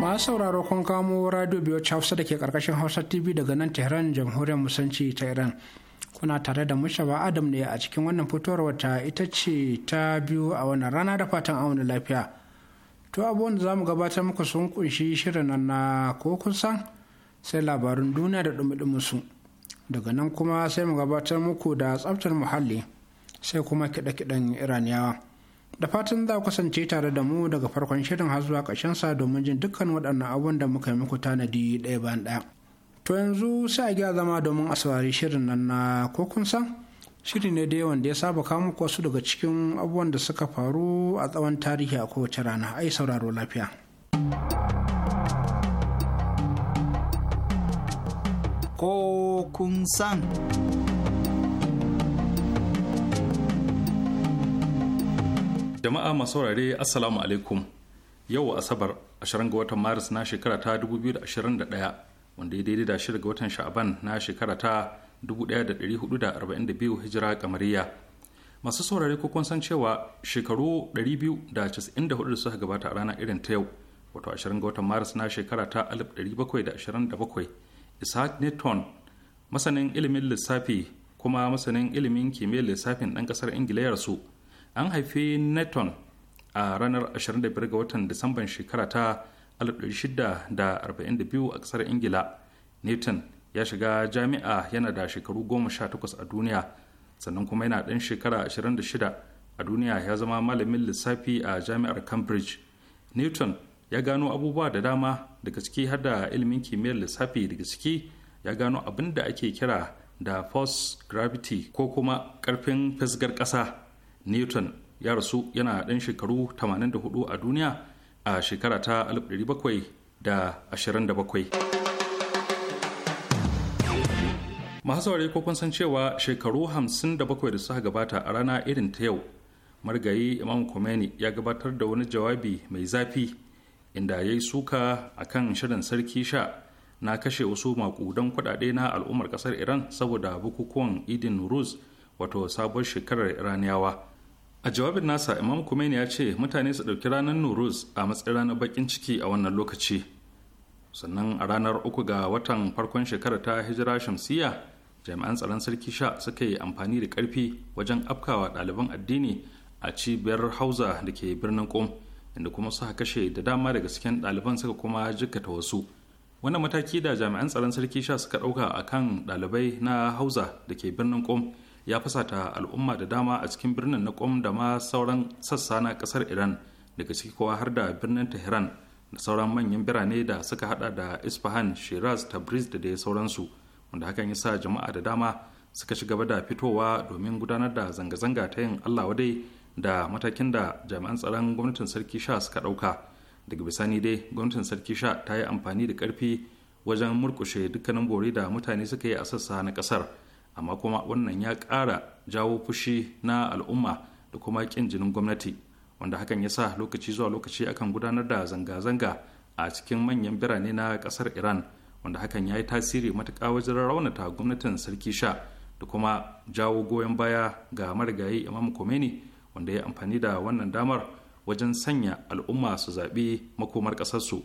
masu sauraro kun kamo radio biyu hausa da ke karkashin hausa tv daga nan tehran jamhuriyar musanci ta iran kuna tare da mushaba adam ne a cikin wannan fitowar wata ita ce ta biyu a wannan rana da fatan auna lafiya to abubuwan da za mu gabatar muku sun kunshi shirin nan na ko kun san sai labarin duniya da dumi su daga nan kuma sai mu gabatar muku da tsaftar muhalli sai kuma kiɗe-kiɗen iraniyawa da fatan za ku kasance tare da mu daga farkon shirin har zuwa sa domin jin dukkan waɗannan abun da muka yi muku tanadi ɗaya bayan ɗaya to yanzu sai a gyara zama domin a saurari shirin nan na ko kun san shiri ne da yawan da ya saba kawo wasu daga cikin abubuwan da suka faru a tsawon tarihi a kowace rana ai sauraro lafiya ko kun san jama'a masu saurare assalamu alaikum yau asabar 20 ga watan maris na shekara ta 2021 wanda ya daidai da shirga ga watan sha'aban na shekara ta 1442 hijira kamariya masu saurare ko kun san cewa shekaru 294 da suka gabata a rana irin ta yau wato 20 ga watan maris na shekara ta 1727 isaac newton masanin ilimin lissafi kuma masanin ilimin kimiyyar lissafin dan kasar ingila ya rasu an haifi neton a ranar 25 ga watan disamban shekara ta 1642 a kasar ingila newton ya shiga jami'a yana da shekaru 18 a duniya sannan kuma yana ɗan shekara 26 a duniya ya zama malamin lissafi a jami'ar cambridge newton ya gano abubuwa da dama daga ciki har da ilimin kimiyyar lissafi daga ciki ya gano abin da ake kira da force gravity ko kuma ƙarfin fisgar ƙasa newton ya rasu yana ɗan shekaru 84 a duniya a shekara ta 1727 masu ko kun san cewa shekaru 57 da suka gabata a rana irin ta yau margayi imam Khomeini ya gabatar da wani jawabi mai zafi inda ya yi suka a kan shirin sarki sha na kashe wasu makudan kudade na al'ummar kasar iran saboda bukukuwan idin nuruz wato sabon shekarar iraniyawa a jawabin nasa imam Khomeini ya ce mutane su ɗauki ranar nuruz a matsayin ranar bakin ciki a wannan lokaci sannan a ranar uku ga watan farkon shekara ta hijira shamsiyya jami'an tsaron sarki sha suka yi amfani da ƙarfi wajen afkawa ɗaliban addini a cibiyar hausa da ke birnin kom inda kuma suka kashe da dama daga cikin ɗaliban suka kuma jikkata wasu wannan mataki da jami'an tsaron sarki sha suka ɗauka a kan ɗalibai na hausa da ke birnin kom ya fasata al'umma da dama a cikin birnin na kom da ma sauran sassa na ƙasar iran daga ciki kowa har da birnin tehran da sauran manyan birane da suka hada da isfahan shiraz tabriz da dai sauransu wanda hakan yasa jama'a da dama suka ci gaba da fitowa domin gudanar da zanga-zanga ta yin allah wadai da matakin da jami'an tsaron gwamnatin sarki sha suka ɗauka daga bisani dai gwamnatin sarki sha ta yi amfani da karfi wajen murkushe dukkanin bori da mutane suka yi a sassa na ƙasar amma kuma wannan ya ƙara jawo fushi na al'umma da kuma ƙin jinin gwamnati wanda hakan ya sa lokaci zuwa lokaci akan gudanar da zanga-zanga a cikin manyan birane na ƙasar iran wanda hakan ya yi tasiri matuƙa wajen raunata gwamnatin sarki sha da kuma jawo goyon baya ga marigayi imam Khomeini wanda ya amfani da wannan damar wajen sanya al'umma su zaɓi makomar ƙasarsu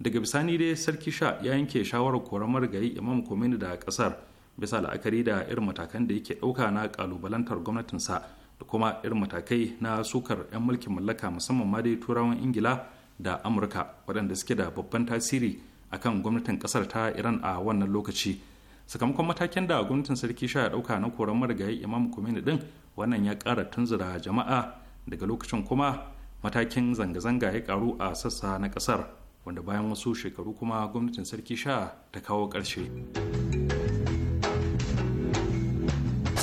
daga bisani dai sarki sha ya yanke shawarar koran marigayi imam Khomeini da ƙasar bisa la'akari da irin matakan da yake ɗauka na ƙalubalantar gwamnatinsa da kuma irin matakai na sukar 'yan mulkin mallaka musamman ma dai turawan ingila da amurka waɗanda suke da babban tasiri akan gwamnatin ƙasar ta iran a wannan lokaci sakamakon matakin da gwamnatin sarki sha ɗauka na koran marigayi imam kumini ɗin wannan ya ƙara tunzura jama'a daga lokacin kuma matakin zanga-zanga ya ƙaru a sassa na ƙasar wanda bayan wasu shekaru kuma gwamnatin sarki sha ta kawo ƙarshe.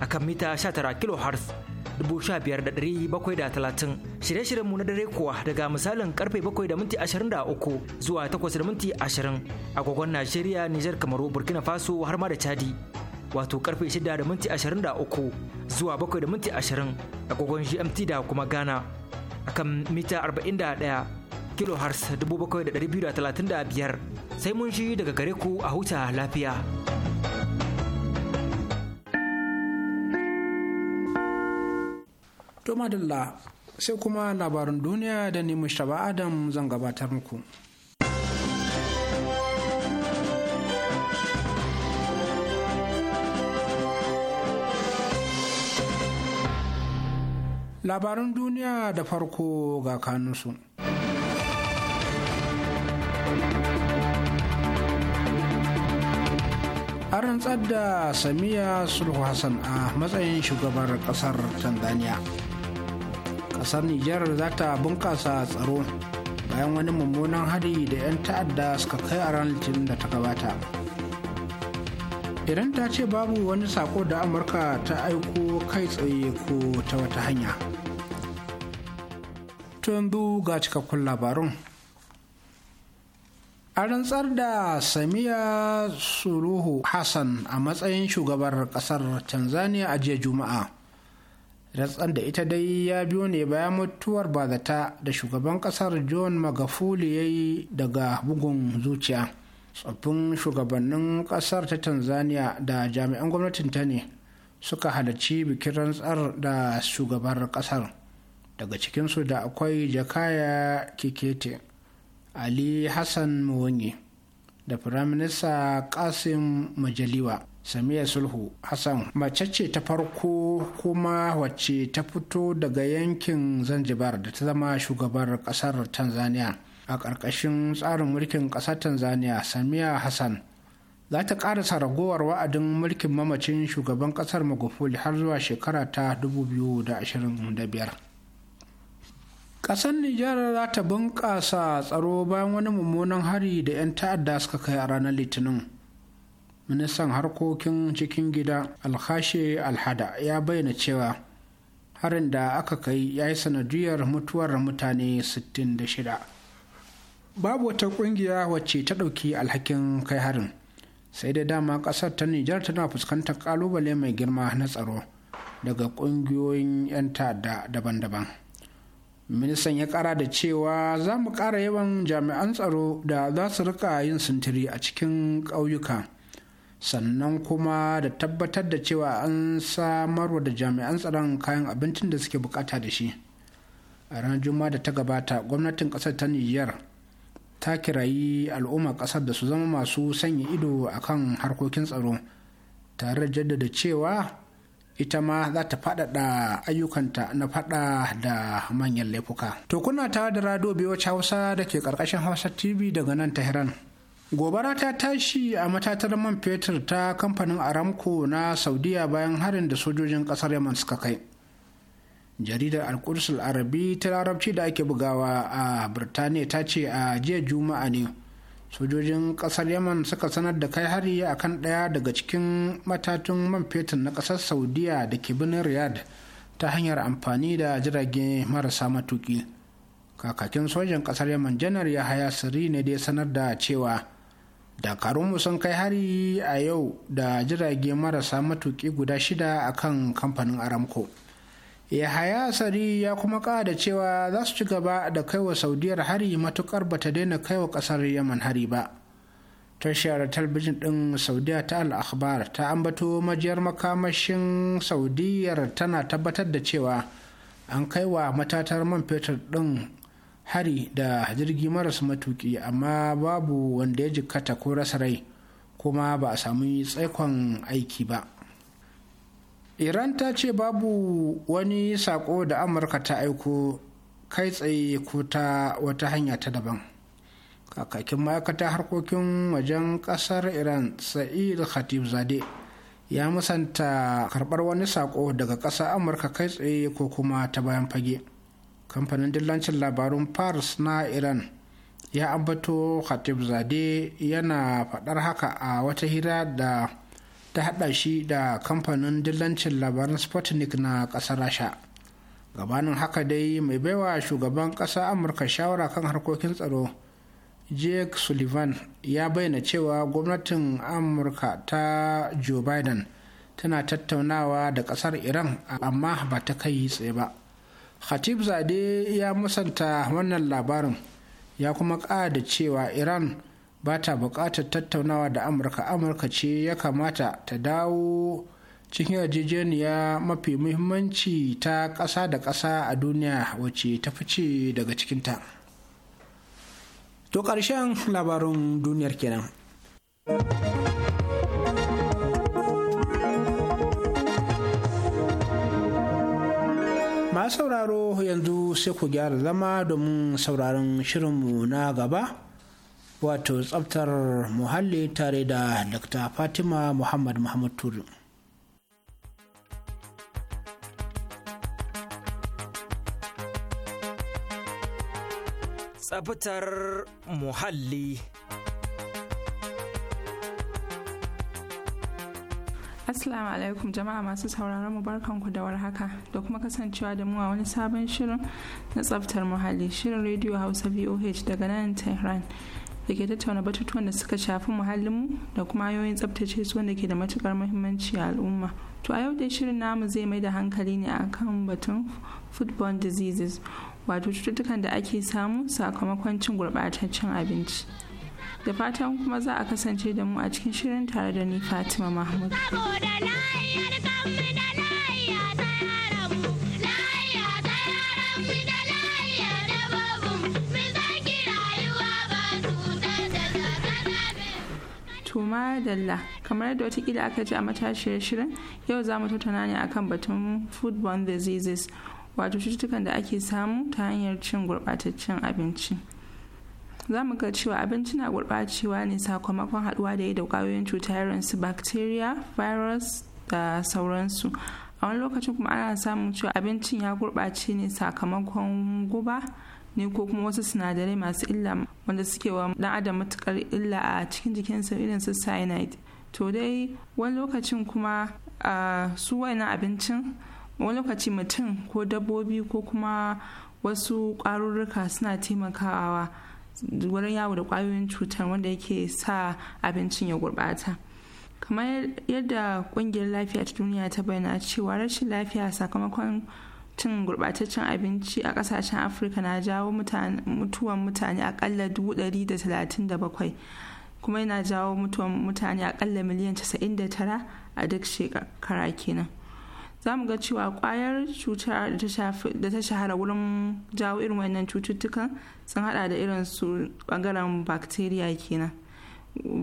akan mita 19 da talatin, shirye-shiryenmu na dare kuwa daga misalin karfe bakwai da minti ashirin da uku zuwa takwas da minti ashirin agogon Najeriya, Nijar, Kamaru, Burkina Faso har ma da Chadi. Wato karfe shida da minti ashirin da uku zuwa bakwai da minti ashirin agogon GMT da kuma Ghana. Akan mita arba'in da talatin kilohertz biyar. sai mun shi daga gare ku a huta lafiya. to madalla sai kuma labarin duniya da ni mushtaba adam zan gabatar muku labarin duniya da farko ga kanunsu an rantsar da samiya sulhu hassan a matsayin shugabar kasar tanzania ƙasar nijar za ta bunƙasa tsaro bayan wani mummunan hari da 'yan ta'adda suka kai a ranar litinin da ta gabata Idan ta ce babu wani sako da amurka ta aiko kai tsaye ko ta wata hanya to ga cikakkun labarun an rantsar da samiya suruhu hassan a matsayin shugabar kasar tanzania a jiya juma'a ratsan da ita dai ya biyo ne bayan mutuwar bazata da shugaban kasar john magafuli ya yi daga bugun zuciya tsoffin shugabannin kasar ta tanzania da jami'an gwamnatin ta ne suka halarci bikin rantsar da shugabar kasar daga cikinsu da akwai jakaya kikete ali hassan mawanyi da firaminista kasim majaliwa samiya sulhu hassan mace ce ta farko kuma wacce ta fito daga yankin zanzibar da ta zama shugabar kasar tanzania a ƙarƙashin tsarin mulkin ƙasar tanzania samiya hassan za ta ƙarasa ragowar wa'adin mulkin mamacin shugaban ƙasar magufuli har zuwa shekara ta 2025 Ƙasar Nijar za ta bunƙasa tsaro bayan wani mummunan hari da 'yan ta'adda suka kai a ranar Litinin. ministan harkokin cikin gida alhashe alhada ya bayyana cewa harin da aka kai ya yi sanadiyar mutuwar mutane 66 babu wata kungiya wacce ta ɗauki alhakin kai harin sai dai dama ƙasar ta nijar tana fuskantar ƙalubale mai girma na tsaro daga ƙungiyoyin 'yan ta'adda daban-daban ministan ya ƙara da cewa za mu ƙara yawan jami'an tsaro da za su rika yin sintiri a cikin ƙauyuka sannan kuma da tabbatar da cewa an samar da jami'an tsaron kayan abincin da suke bukata da shi a ranar juma'a da ta gabata gwamnatin kasar ta niger ta kirayi al'ummar kasar da su zama masu sanya ido a kan harkokin tsaro tare da jaddada cewa ita ma za ta faɗaɗa ayyukanta na faɗa da manyan laifuka to kuna tare da rado biyu hausa da ke ƙarƙashin hausa tv daga nan tehran gobara ta tashi a matatar man fetur ta kamfanin aramco na saudiya bayan harin da sojojin kasar yaman suka kai jaridar alkursul arabi ta larabci da ake bugawa a birtaniya ta ce a jiya juma'a ne sojojin kasar yaman suka sanar da kai hari a kan ɗaya daga cikin matatun man fetur na kasar saudiya da ke birnin riyadh ta hanyar amfani da jirage marasa matuki kakakin sojan kasar yaman janar ya haya sirri ne da ya sanar da cewa dakarunmu sun kai hari a yau da jirage marasa matuƙi guda shida a kan kamfanin aramco yahaya sari ya kuma da cewa za su ci gaba da kaiwa saudiyar hari matuƙar ba ta daina kaiwa ƙasar yaman hari ba tashar talbijin ɗin saudiya ta al'akhbar ta ambato majiyar makamashin saudiyar tana tabbatar da cewa an kaiwa matatar man fetur ɗin hari da jirgi maras matuki amma babu wanda ya jikkata ko rasa rai kuma ba a samu tsaikon aiki ba iran ta ce babu wani sako da amurka ta aiko kai tsaye ko ta wata hanya ta daban kakakin ma'aikata harkokin wajen kasar iran sa'id khatib zade ya musanta karbar wani sako daga ƙasa amurka kai tsaye ko kuma ta bayan fage. kamfanin dillancin labarun paris na iran ya ambato khatib zade yana faɗar haka a wata hira da ta haɗa shi da kamfanin dillancin labarun sputnik na ƙasar rasha gabanin haka dai mai baiwa shugaban ƙasa amurka shawara kan harkokin tsaro jake sullivan ya bayyana cewa gwamnatin amurka ta joe biden tana tattaunawa da ƙasar iran amma ba ta kai tsaye ba khatib zade ya musanta wannan labarin ya kuma da cewa iran ba ta bukatar tattaunawa da amurka amurka ce ya kamata ta dawo cikin yarjejeniya mafi muhimmanci ta kasa da kasa a duniya wacce ta fice daga cikinta to karshen labarin duniyar kenan. Na sauraro yanzu sai ku gyara zama domin sauraron shirinmu na gaba wato Tsaftar muhalli tare da dr fatima muhammad muhammad turi tsabtar muhalli Assalamu alaikum jama'a masu sauraron mu ku da warhaka da kuma kasancewa da mu a wani sabon shirin na tsaftar muhalli shirin rediyo Hausa VOH daga nan Tehran da ke tattauna batutuwan da suka shafi muhallinmu da kuma hanyoyin tsaftace su wanda ke da matukar muhimmanci a al'umma. To a yau dai shirin namu zai mai da hankali ne a kan batun foodborne diseases wato cututtukan da ake samu sakamakon cin gurɓataccen abinci. da fatan kuma za a kasance da mu a cikin shirin tare da ni fatima mahmud tuma dalla kamar yadda watakila aka ji a matashiyar shirin yau za mu tattauna ne akan batun foodborne diseases wato cututtukan da ake samu ta hanyar cin gurbataccen abinci za mu ga cewa abinci na gurɓacewa ne sakamakon haɗuwa da yi da ƙwayoyin cuta irin su bacteria virus da sauransu a wani lokacin kuma ana samun cewa abincin ya gurɓace ne sakamakon guba ne ko kuma wasu sinadarai masu illa wanda suke wa dan adam matukar illa a cikin jikinsa irin su cyanide to dai wani lokacin kuma su wayannan abincin wani lokaci mutum ko dabbobi ko kuma wasu ƙwarurruka suna taimakawa wurin yawo da kwayoyin cutar wanda yake sa abincin ya gurbata kamar yadda kungiyar lafiya ta duniya ta bayyana cewa rashin lafiya sakamakon cin gurbataccen abinci a kasashen afirka na jawo mutuwan mutane akalla 137 kuma yana jawo mutuwan mutane akalla miliyan 99 a duk shekara kenan za mu ga cewa kwayar cuta da ta shahara wurin jawo irin wannan cututtukan sun hada da irin su bangaren bacteria kenan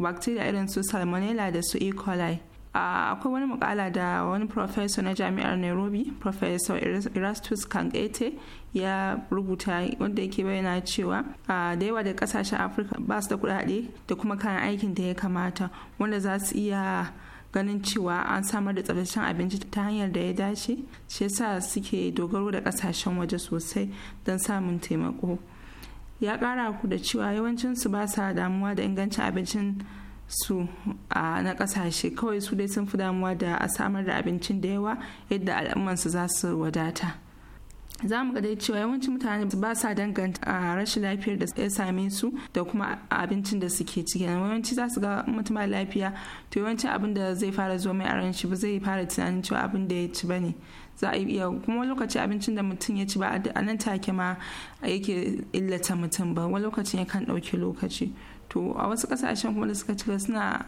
bacteria irin su salmonella da su e. coli akwai wani mukala da wani professor na jami'ar nairobi professor erastus kangete ya rubuta wanda yake bayyana cewa da yawa da kasashen afirka ba su da kudade da kuma kayan aikin da ya kamata wanda za su iya ganin cewa an samar da tsabtataccen abinci ta hanyar da ya dace shi yasa suke dogaro da kasashen waje sosai don samun taimako ya kara ku da cewa yawancinsu ba sa damuwa da ingancin abincin su na kasashe kawai su dai sun fi damuwa da a samar da abincin da yawa yadda al'ummansu za su wadata za mu ga dai cewa yawancin mutane ba sa danganta a rashin lafiyar da ya same su da kuma abincin da suke ciki yawanci za su ga mutum lafiya to yawanci abin da zai fara zo mai aran shi ba zai fara tunanin cewa abin da ya ci ba ne za a iya kuma lokaci abincin da mutum ya ci ba a nan take ma yake illata mutum ba wani lokacin ya kan ɗauki lokaci to a wasu ƙasashen kuma da suka ci suna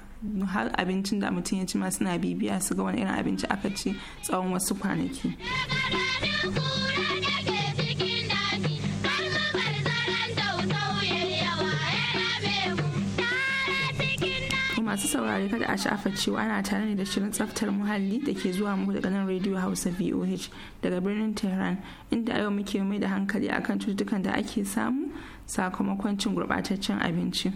har abincin da mutum ya ci masu suna bibiya su ga wani irin abinci aka ci tsawon wasu kwanaki masu saurari kada a sha'afa cewa ana tare ne da shirin tsaftar muhalli da ke zuwa muku daga nan radio hausa voh daga birnin tehran inda yau muke mai da hankali akan cututtukan da ake samu sakamakon cin gurɓataccen abinci.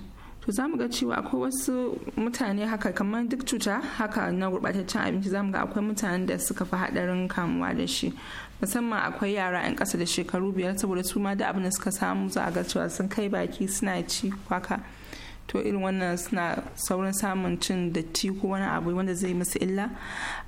to zamu ga cewa akwai wasu mutane haka kamar duk cuta haka na gurɓataccen abinci zamu ga akwai mutanen da suka fi haɗarin kamuwa da shi musamman akwai yara 'yan ƙasa da shekaru biyar saboda su ma da abin da suka samu za a ga cewa sun kai baki suna ci kwaka to irin wannan suna saurin samun cin datti ko wani abu wanda zai musu illa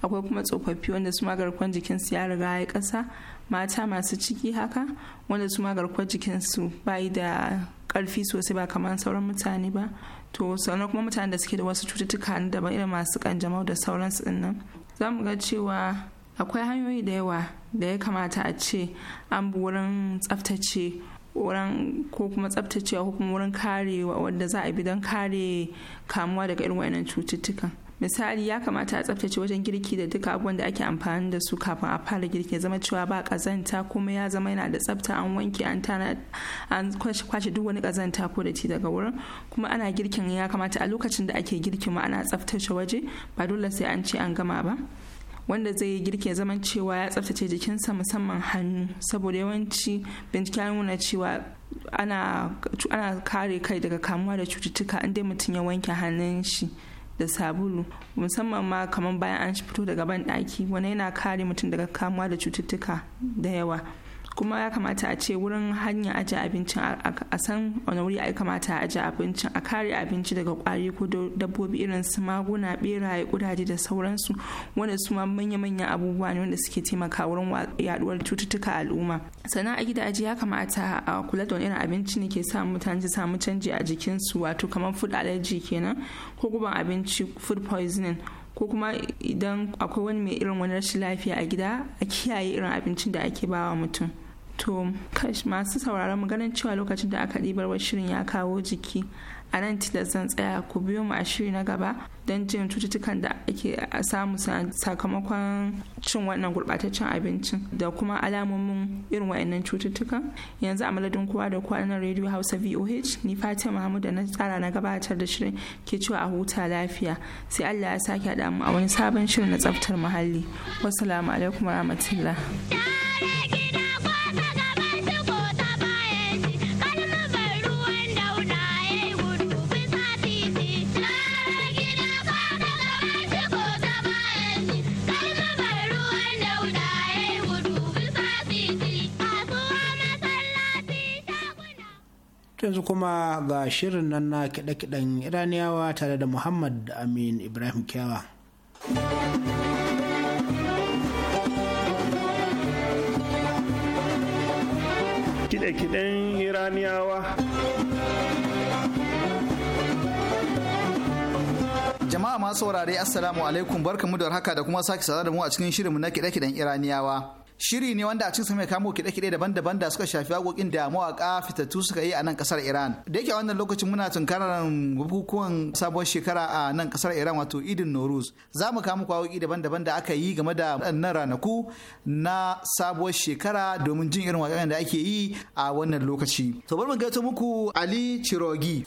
akwai kuma tsofaffi wanda su ma garkuwar jikinsu ya riga ya ƙasa mata masu ciki haka wanda su ma garkuwar jikinsu bayi da karfi sosai ba kamar sauran mutane ba to sannan kuma mutane da suke da wasu cututtuka daban irin masu kanjamau da sauransu din nan za mu ga cewa akwai hanyoyi da yawa da ya kamata a ce an bi wurin tsaftace wurin ko kuma tsaftacewa ko kuma wurin kare wanda za a bi don kare kamuwa daga irin wayannan cututtukan misali ya kamata a tsaftace wajen girki da duka abubuwan da ake amfani da su kafin a fara girki zama cewa ba kazanta kuma ya zama yana da tsafta an wanke an tana an kwashe duk wani kazanta ko da daga wurin kuma ana girkin ya kamata a lokacin da ake girkin ma ana tsaftace waje ba dole sai an ce an gama ba wanda zai yi girki ya zaman cewa ya tsaftace jikinsa musamman hannu saboda yawanci bincike ya nuna cewa ana kare kai daga kamuwa da cututtuka inda mutum ya wanke hannun shi da sabulu musamman ma kamar bayan an fito daga ban daki wani yana kare mutum daga kamuwa da cututtuka da yawa kuma ya kamata a ce wurin hanya ajiye abincin a san wani wuri ya kamata a abinci a kare abinci daga kwari ko dabbobi irin su maguna beraye kudaje da sauransu wanda su ma manya-manyan abubuwa ne wanda suke taimaka wurin yaduwar cututtuka al'umma sannan a gidaje ya kamata a kula da wani irin abinci ne ke sa mutane su samu canji a jikinsu wato kamar food allergy kenan ko guban abinci food poisoning ko kuma idan akwai wani mai irin wani rashin lafiya a gida a kiyaye irin abincin da ake bawa mutum to masu sauraron mu cewa lokacin da aka ɗibar wa shirin ya kawo jiki a nan tilas zan tsaya ku biyo mu a shiri na gaba don jin cututtukan da ake samu sakamakon cin wannan gurbataccen abincin da kuma alamomin irin wa'annan cututtukan yanzu a madadin kowa da kowa na radio hausa voh ni fatima mahmud da na tsara na gabatar da shirin ke cewa a huta lafiya sai allah ya sake haɗa mu a wani sabon shirin na tsaftar muhalli wasu alaikum warahmatullah yanzu kuma ga shirin nan na kiɗe-kiɗen iraniyawa tare da muhammad amin ibrahim kyawa kiɗe-kiɗen iraniyawa jama'a masu saurare assalamu alaikum barkamu da haka da kuma sake sada da mu a cikin shirinmu na kiɗe-kiɗen iraniyawa shiri ne wanda a cikinsa mai kamo kiɗe-kiɗe daban-daban da suka shafi hakokin da mawaƙa fitattu suka yi a nan ƙasar Iran. Da yake wannan lokacin muna tunkarar bukukuwan sabuwar shekara a nan kasar Iran wato Idin Noruz. Za mu kamo waƙoƙi daban-daban da aka yi game da waɗannan ranaku na sabuwar shekara domin jin irin waƙoƙin da ake yi a wannan lokaci. To bari mu gaito muku Ali Cirogi.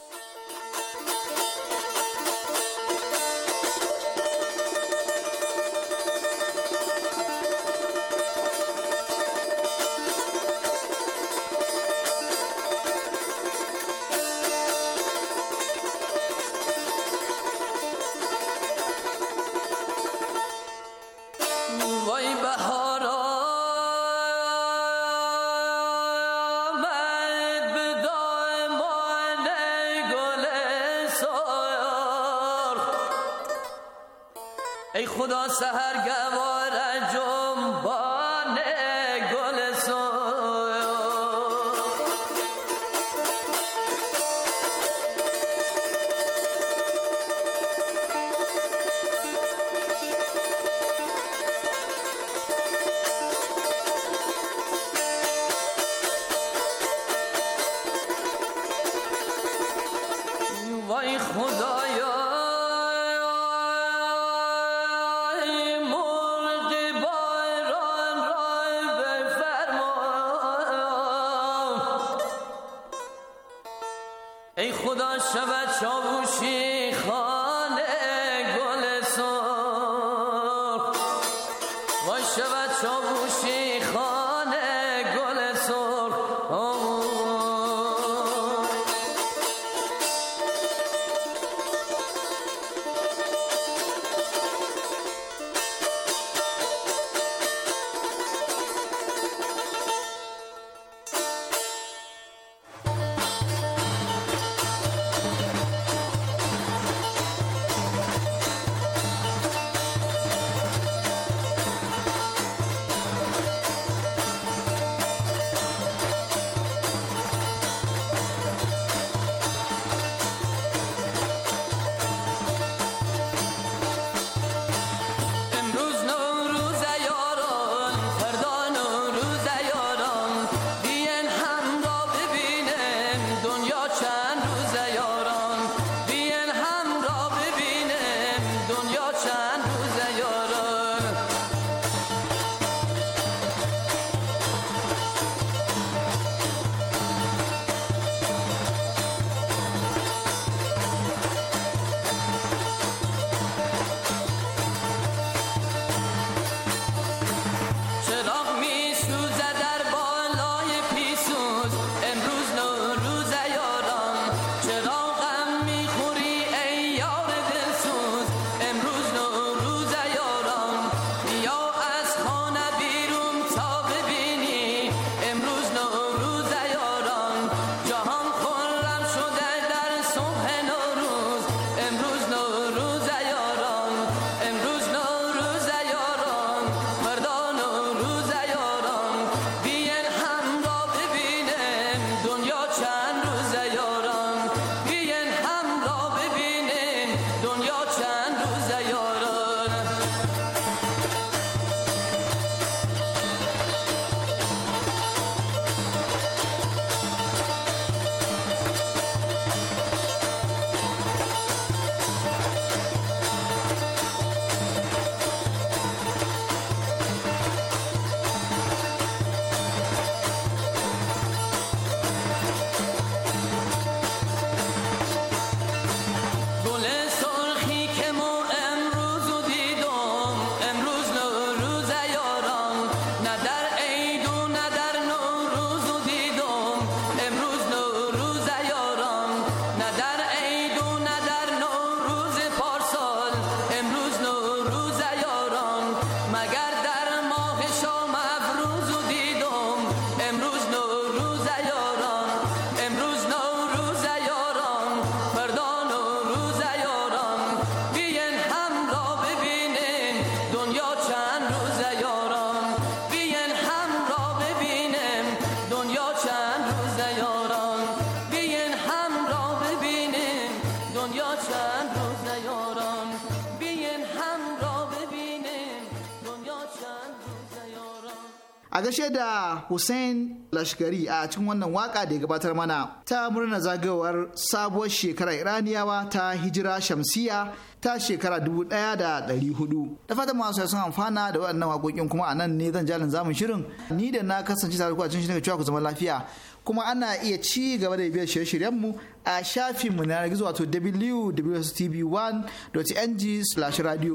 a gashe da hussein lashkari a cikin wannan waka da ya gabatar mana ta murna zagayowar sabuwar shekara iraniyawa ta hijira shamsiya ta shekara 1400 da fatan masu sun amfana da waɗannan waƙoƙin kuma a nan ne zan jalin zamun shirin ni da na kasance tare ku a cikin shirin cewa ku zama lafiya kuma ana iya ci gaba da biyar shirye-shiryenmu a shafin mu na yanar gizo wato www.tv1.ng/radio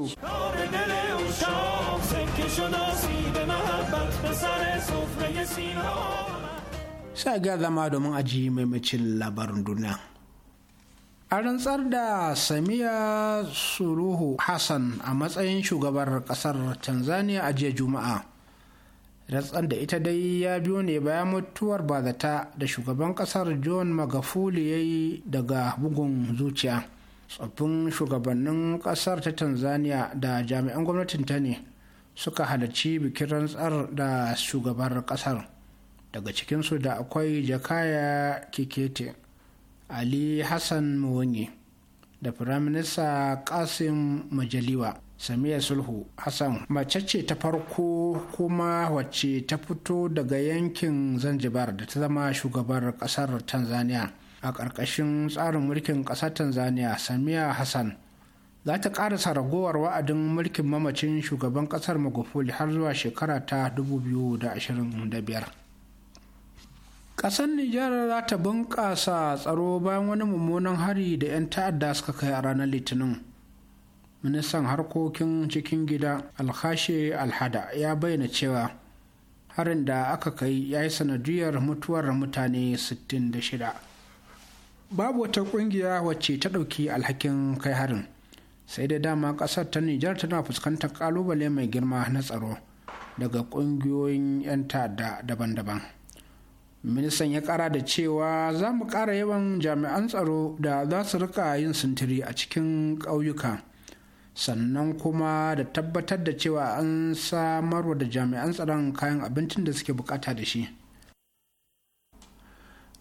Sha ga zama domin aji maimacin labarin duniya a rantsar da samiya suruhu hassan a matsayin shugabar kasar tanzania a jiya juma'a rantsar da ita dai ya biyo ne bayan mutuwar bazata da shugaban kasar john magafuli ya yi daga bugun zuciya tsoffin shugabannin kasar ta tanzania da jami'an gwamnatin ta ne suka halarci bikin rantsar da shugabar kasar daga cikinsu da akwai jakaya kikete ali hassan mawanyi da firaminista kasim majaliwa samiya sulhu hassan mace ce ta farko kuma wacce ta fito daga yankin zanzibar da ta zama shugabar kasar tanzania a ƙarƙashin tsarin mulkin ƙasar tanzania samiya hassan za ta ƙarasa ragowar wa'adin mulkin mamacin shugaban ƙasar magufuli har zuwa shekara ta 2025 Ƙasar Nijar za ta bunƙasa tsaro bayan wani mummunan hari da 'yan ta'adda suka kai a ranar Litinin. ministan harkokin cikin gida alhashe alhada ya bayyana cewa harin da aka kai ya yi sanadiyar mutuwar mutane 66 babu wata kungiya wacce ta ɗauki alhakin kai harin sai dai dama ƙasar ta nijar tana fuskantar ƙalubale mai girma na tsaro daga ƙungiyoyin 'yan ta'adda daban-daban ministan ya ƙara da cewa za mu ƙara yawan jami'an tsaro da za su rika yin sintiri a cikin ƙauyuka sannan kuma da tabbatar da cewa an samarwa da jami'an tsaron kayan abincin da suke bukata da shi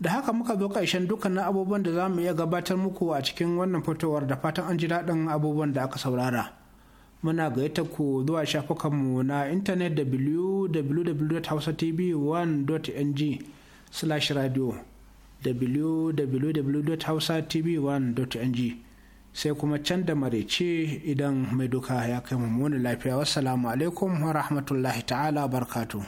da haka muka zo ƙarshen dukkanin abubuwan da za mu iya gabatar muku a cikin wannan fitowar da fatan an ji daɗin abubuwan da aka saurara muna gayyata ku zuwa shafukanmu na intanet www.hausatv1.ng slash radio www.hausatv1.ng sai kuma can da marece idan mai duka ya kai mummuni lafiya wassalamu alaikum wa rahmatullahi ta'ala barkatu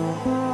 Mm-hmm.